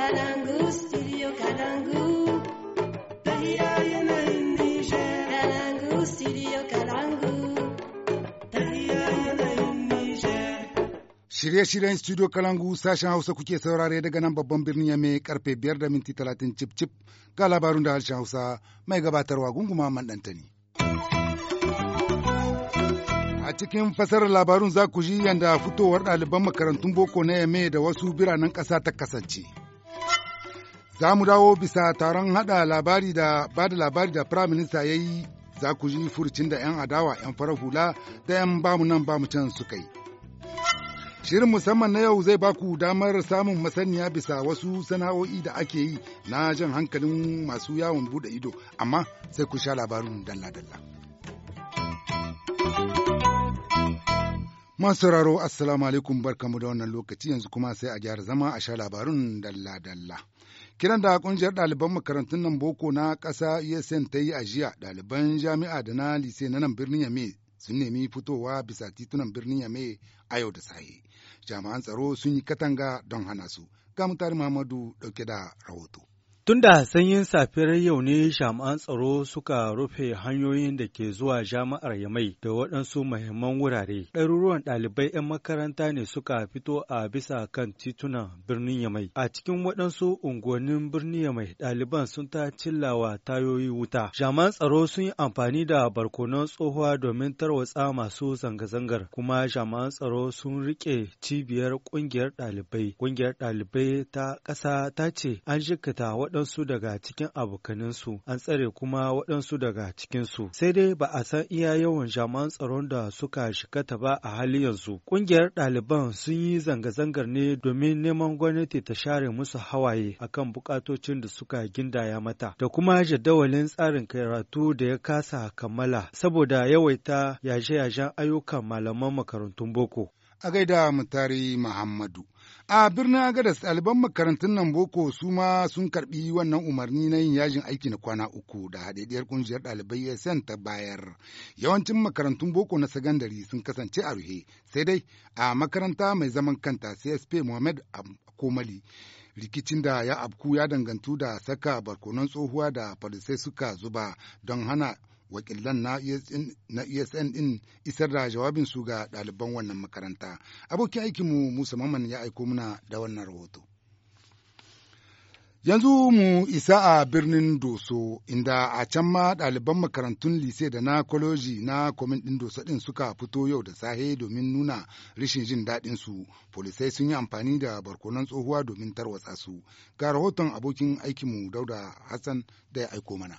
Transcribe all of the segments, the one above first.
Kalangu, studio Kalangu. Shirye-shiryen studio Kalangu sashen Hausa kuke saurare daga nan babban birnin ya mai karfe biyar da minti talatin cip cip ga labarun da harshen Hausa mai gabatarwa gunguma mandantani. a cikin fasar labarun za ku ji yadda fitowar ɗaliban makarantun boko na yame da wasu biranen kasa ta kasance. Za mu dawo bisa taron haɗa labari da ba labari da Prime Minister ya yi za ku ji furucin da 'yan adawa 'yan farar hula da 'yan bamu nan bamu can suka yi. Shirin musamman na yau zai ba ku damar samun masaniya bisa wasu sana'o'i da ake yi na jan hankalin masu yawon bude ido, amma sai ku sha labarin dalla-dalla. Masu sauraro Assalamu alaikum barkamu da wannan lokaci yanzu kuma sai a gyara zama a sha labarun dalla-dalla. Kiran da kungiyar ɗaliban makarantun nan boko na ƙasa ESN ta yi ajiya, jiya ɗaliban jami'a da na lise na nan birnin Yame sun nemi fitowa bisa titunan birnin Yame a yau da sahi. Jami'an tsaro sun yi katanga don hana su. Ga mutane Muhammadu ɗauke da rahoto. Tun da sanyin safiyar yau ne jami'an tsaro suka rufe hanyoyin da ke zuwa jami'ar Yamai da waɗansu mahimman wurare. Ɗaruruwan ɗalibai 'yan makaranta ne suka fito a bisa kan titunan birnin Yamai. A cikin waɗansu unguwannin birnin Yamai ɗaliban sun ta cillawa tayoyi wuta. Jami'an tsaro sun yi amfani da barkonon tsohuwa domin tarwatsa masu zanga-zangar kuma jami'an tsaro sun riƙe cibiyar ƙungiyar ɗalibai. Ƙungiyar ɗalibai ta ƙasa ta ce an jikata waɗansu waɗansu daga cikin abokaninsu an tsare kuma waɗansu daga cikinsu sai dai ba a san iya yawan jama'an tsaron da suka shikata ba a hali yanzu ƙungiyar ɗaliban sun yi zanga-zangar ne domin neman gwamnati ta share musu hawaye akan buƙatocin da suka gindaya mata da kuma jadawalin tsarin karatu da ya kasa kammala saboda yawaita yaje-yajen ayyukan malaman makarantun boko. a gaida mutare Muhammadu. A birnin Agadas ɗaliban makarantun nan boko su ma sun karɓi wannan umarni na yin yajin aiki na kwana uku da haɗaɗɗiyar ƙungiyar ɗalibai ya ta bayar. Yawancin makarantun boko na sakandare sun kasance a ruhe, sai dai a makaranta mai zaman kanta CSP Mohamed Komali. rikicin da ya afku ya dangantu da saka barkonon tsohuwa da farisai suka zuba don hana wakilan na esn e din isar da jawabin su ga ɗaliban wannan makaranta abokin aikinmu musa Mamman ya aiko muna da wannan rahoto yanzu mu isa a birnin doso inda a can ma ɗaliban makarantun lise da na Koloji na kwamin ɗin doso ɗin suka fito yau da sahe domin nuna rashin jin daɗin su polisai sun yi amfani da barkonan tsohuwa domin tarwatsa su ga rahoton abokin aikinmu dauda hassan da ya aiko mana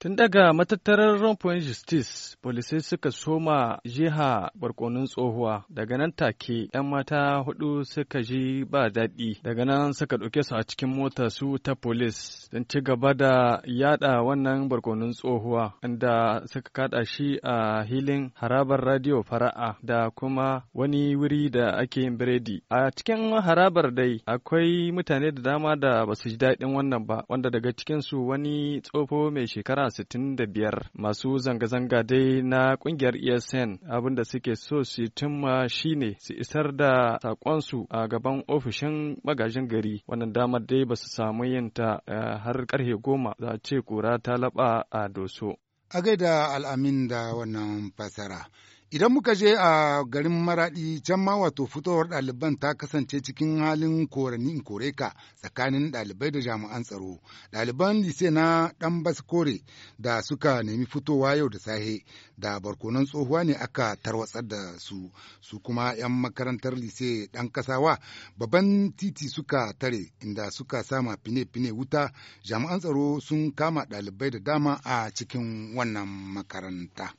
Tun daga matattarar point Justice, polisai suka soma jiha barkonin tsohuwa, daga nan take ‘yan mata hudu suka ji ba daɗi, daga nan suka ɗauke su a cikin mota su ta polis don ci gaba da yada wannan barkonin tsohuwa, inda suka kada shi a hilin harabar radio fara'a da kuma wani wuri da ake yin biredi. A cikin harabar dai akwai mutane da dama da ba su ji daɗin wannan ba, wanda daga cikinsu wani tsofo mai shekara 65 masu zanga-zanga dai na kungiyar esn da suke so su cimma shine su isar da sakonsu a gaban ofishin magajin gari wannan damar dai ba su samu yin ta eh, har karhe goma za ce kura ta laba a doso a gaida al'amin da wannan fasara Idan muka je a garin Maraɗi can ma wato fitowar ɗaliban ta kasance cikin halin korani ka tsakanin ɗalibai da jami'an tsaro. Ɗaliban lise na ɗan baskore da suka nemi fitowa yau da sahe da barkonan tsohuwa ne aka tarwatsar da su. Su kuma 'yan makarantar lise ɗan kasawa babban titi suka tare inda suka sama fine-fine wuta jami'an tsaro sun kama ɗalibai da dama a cikin wannan makaranta.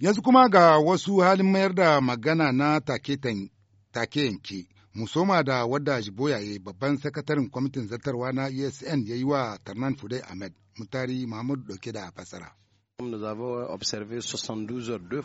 Yanzu kuma ga wasu halin mayar da magana na take yanke, musoma da wadda Jiboyaye babban sakataren kwamitin zartarwa na ESN ya yi wa Tarnan Fudai Ahmed, mutari Muhammadu ɗauke da fasara.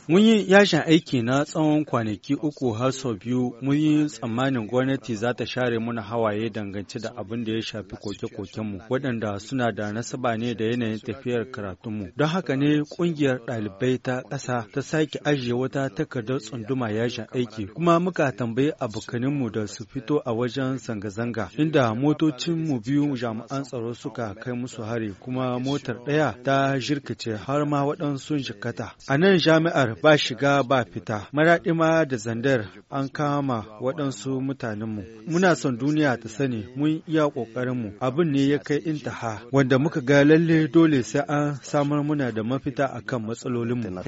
Mun yi yashin aiki na tsawon kwanaki uku har sau biyu mun yi tsammanin gwamnati za ta share muna hawaye dangance da abin da ya shafi koke-kokenmu waɗanda suna da nasaba ne da yanayin tafiyar karatunmu. Don haka ne ƙungiyar ɗalibai ta ƙasa ta sake ajiye wata takardar tsunduma yashin aiki kuma muka tambayi abokaninmu da su fito a wajen zanga-zanga inda motocinmu biyu jami'an tsaro suka kai musu hari kuma motar ɗaya ta jirkice har har ma waɗansu jikata. A nan jami'ar ba shiga ba fita, maraɗima da zandar an kama waɗansu mutanenmu. Muna son duniya ta sani mun iya ƙoƙarinmu abin ne ya kai intaha wanda muka ga lalle dole sai an samar muna da mafita a kan matsalolinmu.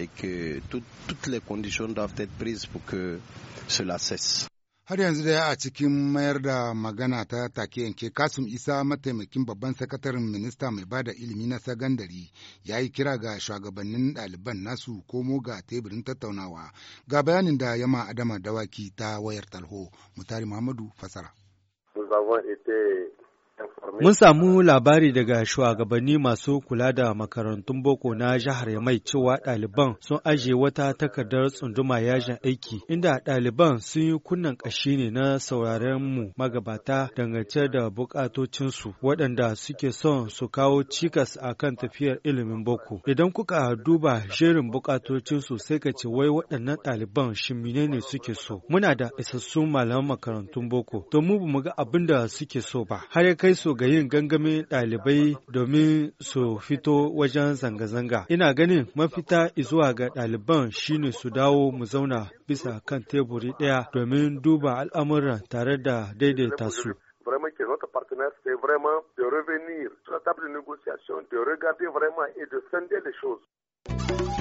Har yanzu da a cikin mayar da magana ta take yanke Kasum Isa mataimakin babban sakataren minista mai bada ilimi na sagandari ya yi kira ga shugabannin ɗaliban nasu komo ga teburin tattaunawa ga bayanin da yama Adama Dawaki ta wayar talho Mutari Muhammadu Fasara. Mun samu labari daga shugabanni masu kula da makarantun boko na jihar mai cewa ɗaliban sun ajiye wata takardar tsunduma yajin aiki inda ɗaliban sun yi kunnan ƙashi ne na sauraren mu magabata dangance da bukatocinsu waɗanda suke son su kawo cikas a kan tafiyar ilimin boko. Idan kuka duba jerin bukatocinsu sai ka ce wai waɗannan ɗaliban shi ne suke so. Muna da isassun malaman makarantun boko, don mu ba mu ga abin da suke so ba. Har kai kai su ga yin gangamin ɗalibai domin su fito wajen zanga-zanga. Ina ganin mafita izuwa ga ɗaliban shine su dawo mu zauna bisa kan teburi ɗaya domin duba al'amuran tare da daidaita su. vraiment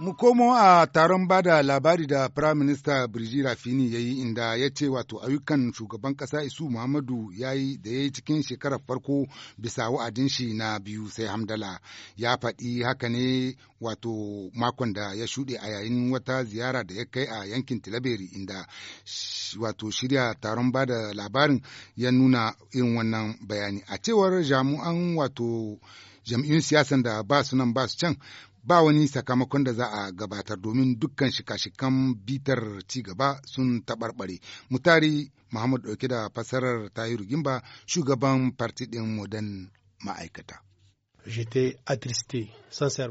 Mu komo a taron bada labari da Prime Minister Birji Rafini ya yi inda ya ce wato ayyukan shugaban ƙasa Isu Muhammadu ya yi da ya yi cikin shekarar farko bisa wa'adin shi na biyu sai hamdala. Ya faɗi haka ne wato makon da ya shuɗe a yayin wata ziyara da ya kai a yankin Tilaberi inda wato shirya taron bada labarin ya nuna irin wannan bayani. A cewar jami'an wato jam'iyyun siyasan da ba su nan ba su can ba wani sakamakon da za a gabatar domin dukkan shika-shikan bitar cigaba sun taɓarɓare. Mutari Muhammad ɗauke da fassarar Tahiru Gimba shugaban farti ɗin Modern ma'aikata.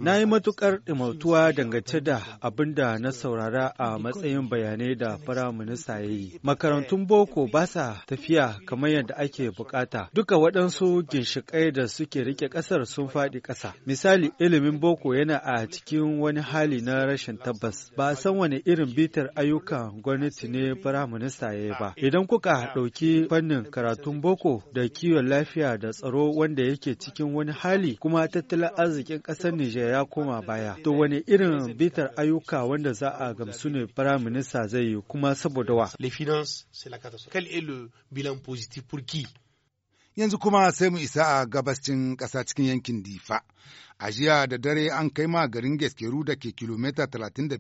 Na yi matuƙar ɗimautuwa dangance da abin da na saurara a matsayin bayanai da minista ya yi. Makarantun boko ba sa tafiya kamar yadda ake bukata. Duka waɗansu ginshiƙai da suke rike ƙasar sun faɗi ƙasa. Misali, ilimin boko yana a cikin wani hali na rashin tabbas. Ba a san wani irin bitar ayyukan gwamnati ne minista ya yi ba. Idan kuka ɗauki fannin karatun boko da kiwon lafiya da tsaro wanda yake cikin wani hali kuma tattalin arzikin ƙasar Nijar ya koma baya. To wani irin bitar ayyuka wanda za a gamsu ne Firayim Minista zai yi kuma saboda wa. Yanzu kuma sai mu isa a gabascin ƙasa cikin yankin Difa. A jiya da dare an kai ma garin Geskeru da ke kilomita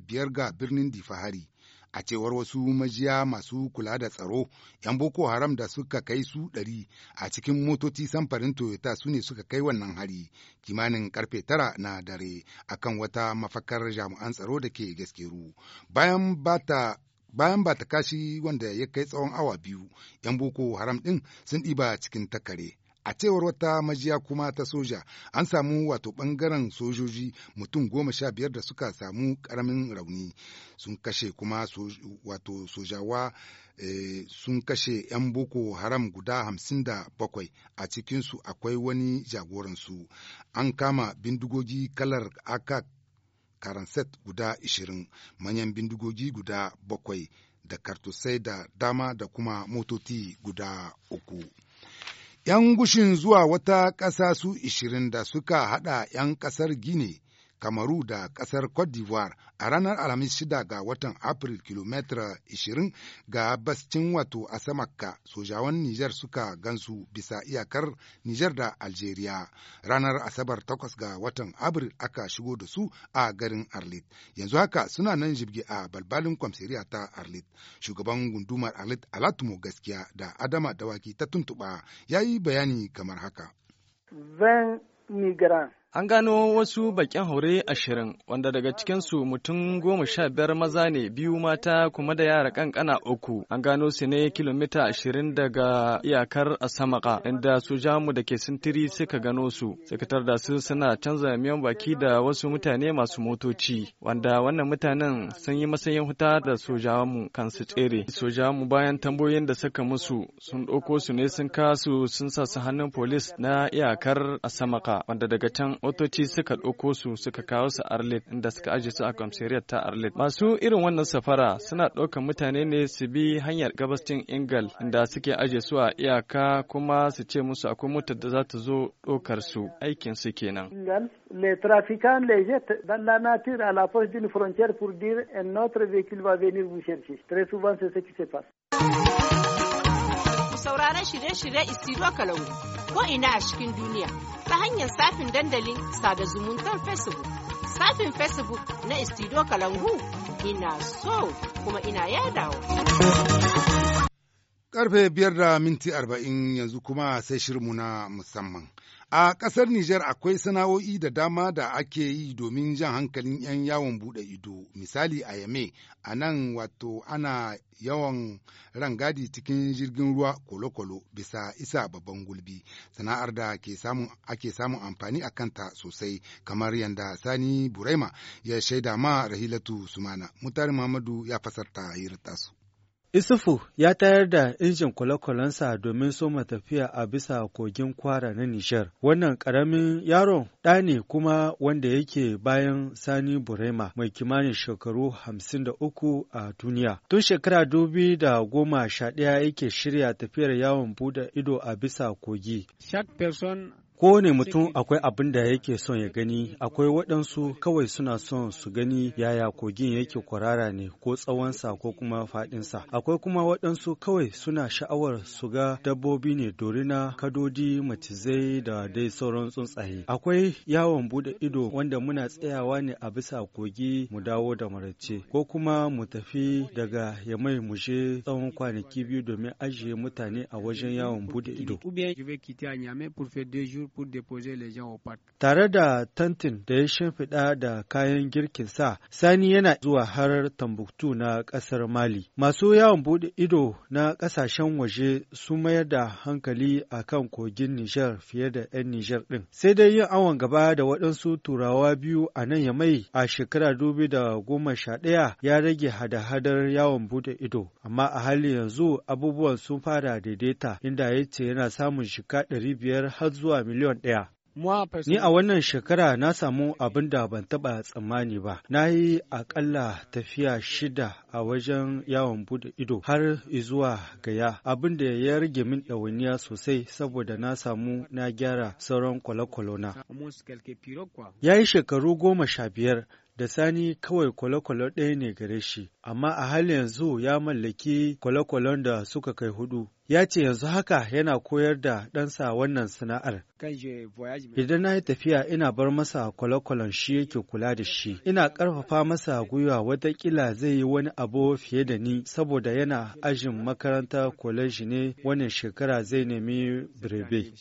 biyar ga birnin Difa hari. a cewar wasu majiya masu kula da tsaro 'yan boko haram da suka kai su ɗari a cikin motoci samfarin toyota su ne suka kai wannan hari kimanin karfe tara na dare akan wata mafakar jami'an tsaro da ke gaskeru bayan bata bayan ba ta kashi wanda ya kai tsawon awa biyu 'yan boko haram ɗin sun ɗiba cikin takare a cewar wata majiya kuma ta soja an samu wato bangaren sojoji mutum goma sha biyar da suka samu karamin rauni sun kashe kuma wato sojawa eh, sun kashe 'yan boko haram guda hamsin da bakwai a cikinsu akwai wani jagoransu an kama bindigogi kalar aka karanset guda ishirin manyan bindigogi guda bakwai da kartosai da dama da kuma motoci guda uku. ‘yan gushin zuwa wata ƙasa su ishirin da suka haɗa ‘yan ƙasar Gini Kamaru da ƙasar Cote d'Ivoire a ranar Alhamis shida ga watan Afril kilomita 20 ga bascin wato a samakka sojawan Nijar suka gansu bisa iyakar Nijar da Algeria. Ranar Asabar takwas ga watan April aka shigo da su a garin Arlit. Yanzu haka suna nan jibge a balbalin kwamsiriya ta Arlit. Shugaban gundumar Arlit Alatumo gaskiya da Adama Dawaki ta tuntuɓa ya yi bayani kamar haka. Then Migran An gano wasu bakin haure ashirin wanda daga cikinsu mutum goma sha biyar maza ne biyu mata kuma da yara kankana uku. An gano su ne kilomita ashirin daga iyakar Asamaka inda su jamu da ke sintiri suka gano su. Sakatar da su suna canza miyan baki da wasu mutane masu motoci wanda wannan mutanen sun yi masayin huta da jamu kan su tsere. jamu bayan tambayoyin da suka musu sun ɗauko su ne sun kasu sun sa su hannun polis na iyakar Asamaka wanda daga can motoci suka ɗauko su suka kawo su arlet inda suka aje su a kwamsiriyar ta arlet Masu irin wannan safara suna ɗaukan mutane ne su bi hanyar gabashin Ingal inda suke aje su a iyaka kuma su ce musu akwai motar da za ta zo ɗaukar su aikin su kenan. Les trafiquants les jettent dans la nature à la poche d'une frontière pour shirye-shirye ko'ina a cikin duniya ta hanyar safin dandalin sada zumuntar Facebook. Safin Facebook na Istido Kalangu ina so kuma ina yadawa. Karfe biyar da minti arba'in yanzu kuma sai shirmu na musamman. A ƙasar Nijar akwai sana'o'i da dama da ake yi domin jan hankalin 'yan yawon buɗe ido, misali a Yame, a nan wato ana yawan rangadi cikin jirgin ruwa kolo-kolo bisa isa babban gulbi, sana'ar da ake samun amfani a kanta sosai kamar yadda Sani Buraima ya shaida ma Rahilatu Sumana. Mutari Muhammadu ya fasarta hirar tasu. Isufu ya tayar da injin kwale-kwalensa domin soma tafiya a bisa kogin kwara na Nijar. Wannan ƙaramin yaron ɗa ne kuma wanda yake bayan Sani Burema mai kimanin shekaru hamsin da uku a duniya. Tun shekara dubi da goma sha ɗaya yake shirya tafiyar yawon buɗe ido a bisa kogi. Kowane mutum akwai abin da yake son ya gani, akwai waɗansu kawai suna son su gani yaya kogin yake kwarara ne ko tsawonsa ko kuma faɗinsa. Akwai kuma waɗansu kawai suna sha'awar su ga dabbobi ne dorina, kadodi, macizai da dai sauran tsuntsaye. Akwai yawon buɗe ido wanda muna tsayawa ne a bisa kogi mu dawo da marace ko kuma mu tafi daga ya mu je tsawon kwanaki biyu domin ajiye mutane a wajen yawon buɗe ido. pour déposer les gens au parc. Tare da tantin da ya shimfiɗa da kayan girkin sa, Sani yana zuwa harar Tambuktu na ƙasar Mali. Masu yawon buɗe ido na ƙasashen waje sun mayar da hankali a kan kogin Nijar fiye da 'yan Nijar ɗin. Sai dai yin awon gaba da waɗansu turawa biyu a nan ya mai a shekara dubi da goma sha ɗaya ya rage hada-hadar yawon buɗe ido. Amma a halin yanzu abubuwan sun fara daidaita inda ya ce yana samun shika ɗari biyar har zuwa miliyan miliyon ɗaya. Ni a wannan shekara na samu abin da ban taɓa tsammani ba. Na yi aƙalla tafiya shida a wajen yawon bude ido har zuwa gaya. Abin da ya rage min ɗawainiya sosai saboda na samu na gyara sauran kwale Ya yi shekaru goma sha biyar da sani kawai kwale-kwale ɗaya ne gare shi, amma a hali yanzu ya mallaki kwale-kwalen da suka kai hudu. ya ce yanzu haka yana koyar da ɗansa wannan sana'ar. Idan na yi tafiya ina bar masa kwale-kwalen shi yake kula da shi, ina ƙarfafa masa gwiwa watakila zai yi wani abu fiye da ni saboda yana ajin makaranta kwaleji ne wannan shekara zai nemi birebe.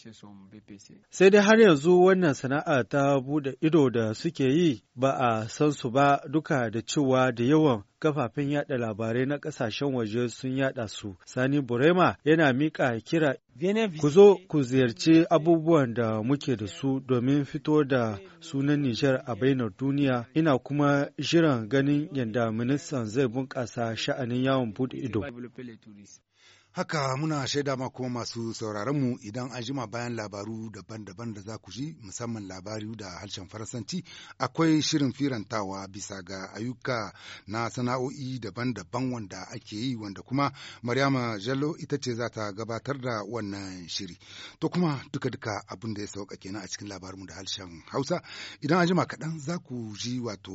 Sai dai har yanzu wannan sana'a ta buɗe ido da suke yi ba a san su ba duka da cewa da yawan kafafen yada labarai na ƙasashen waje sun yada su. Sani Burema ya yana miƙa kira ku zo ku ziyarci abubuwan da muke da su domin fito da sunan Nijar a bainar duniya ina kuma jiran ganin yadda ministan zai bunƙasa sha'anin yawon buɗe ido. Haka muna shaida ma kuma masu sauraronmu idan an jima bayan labaru daban-daban da za ku ji musamman labaru da harshen Faransanci akwai shirin firantawa bisa ga ayyuka na sana'o'i daban-daban wanda ake yi wanda kuma Maryama Jallo ita ce za ta gabatar da wannan shiri. To kuma duka-duka abin da ya sauka kenan a cikin labarinmu da harshen Hausa idan an jima kaɗan za ku ji wato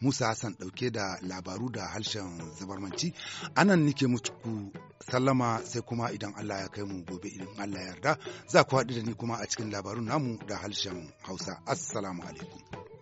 Musa Hassan ɗauke da labaru da harshen zabarmanci. Anan nike muku sallama kuma sai kuma idan Allah ya kai mu gobe idan Allah ya yarda za ku haɗu da ni kuma a cikin labarun namu da harshen Hausa. Assalamu alaikum.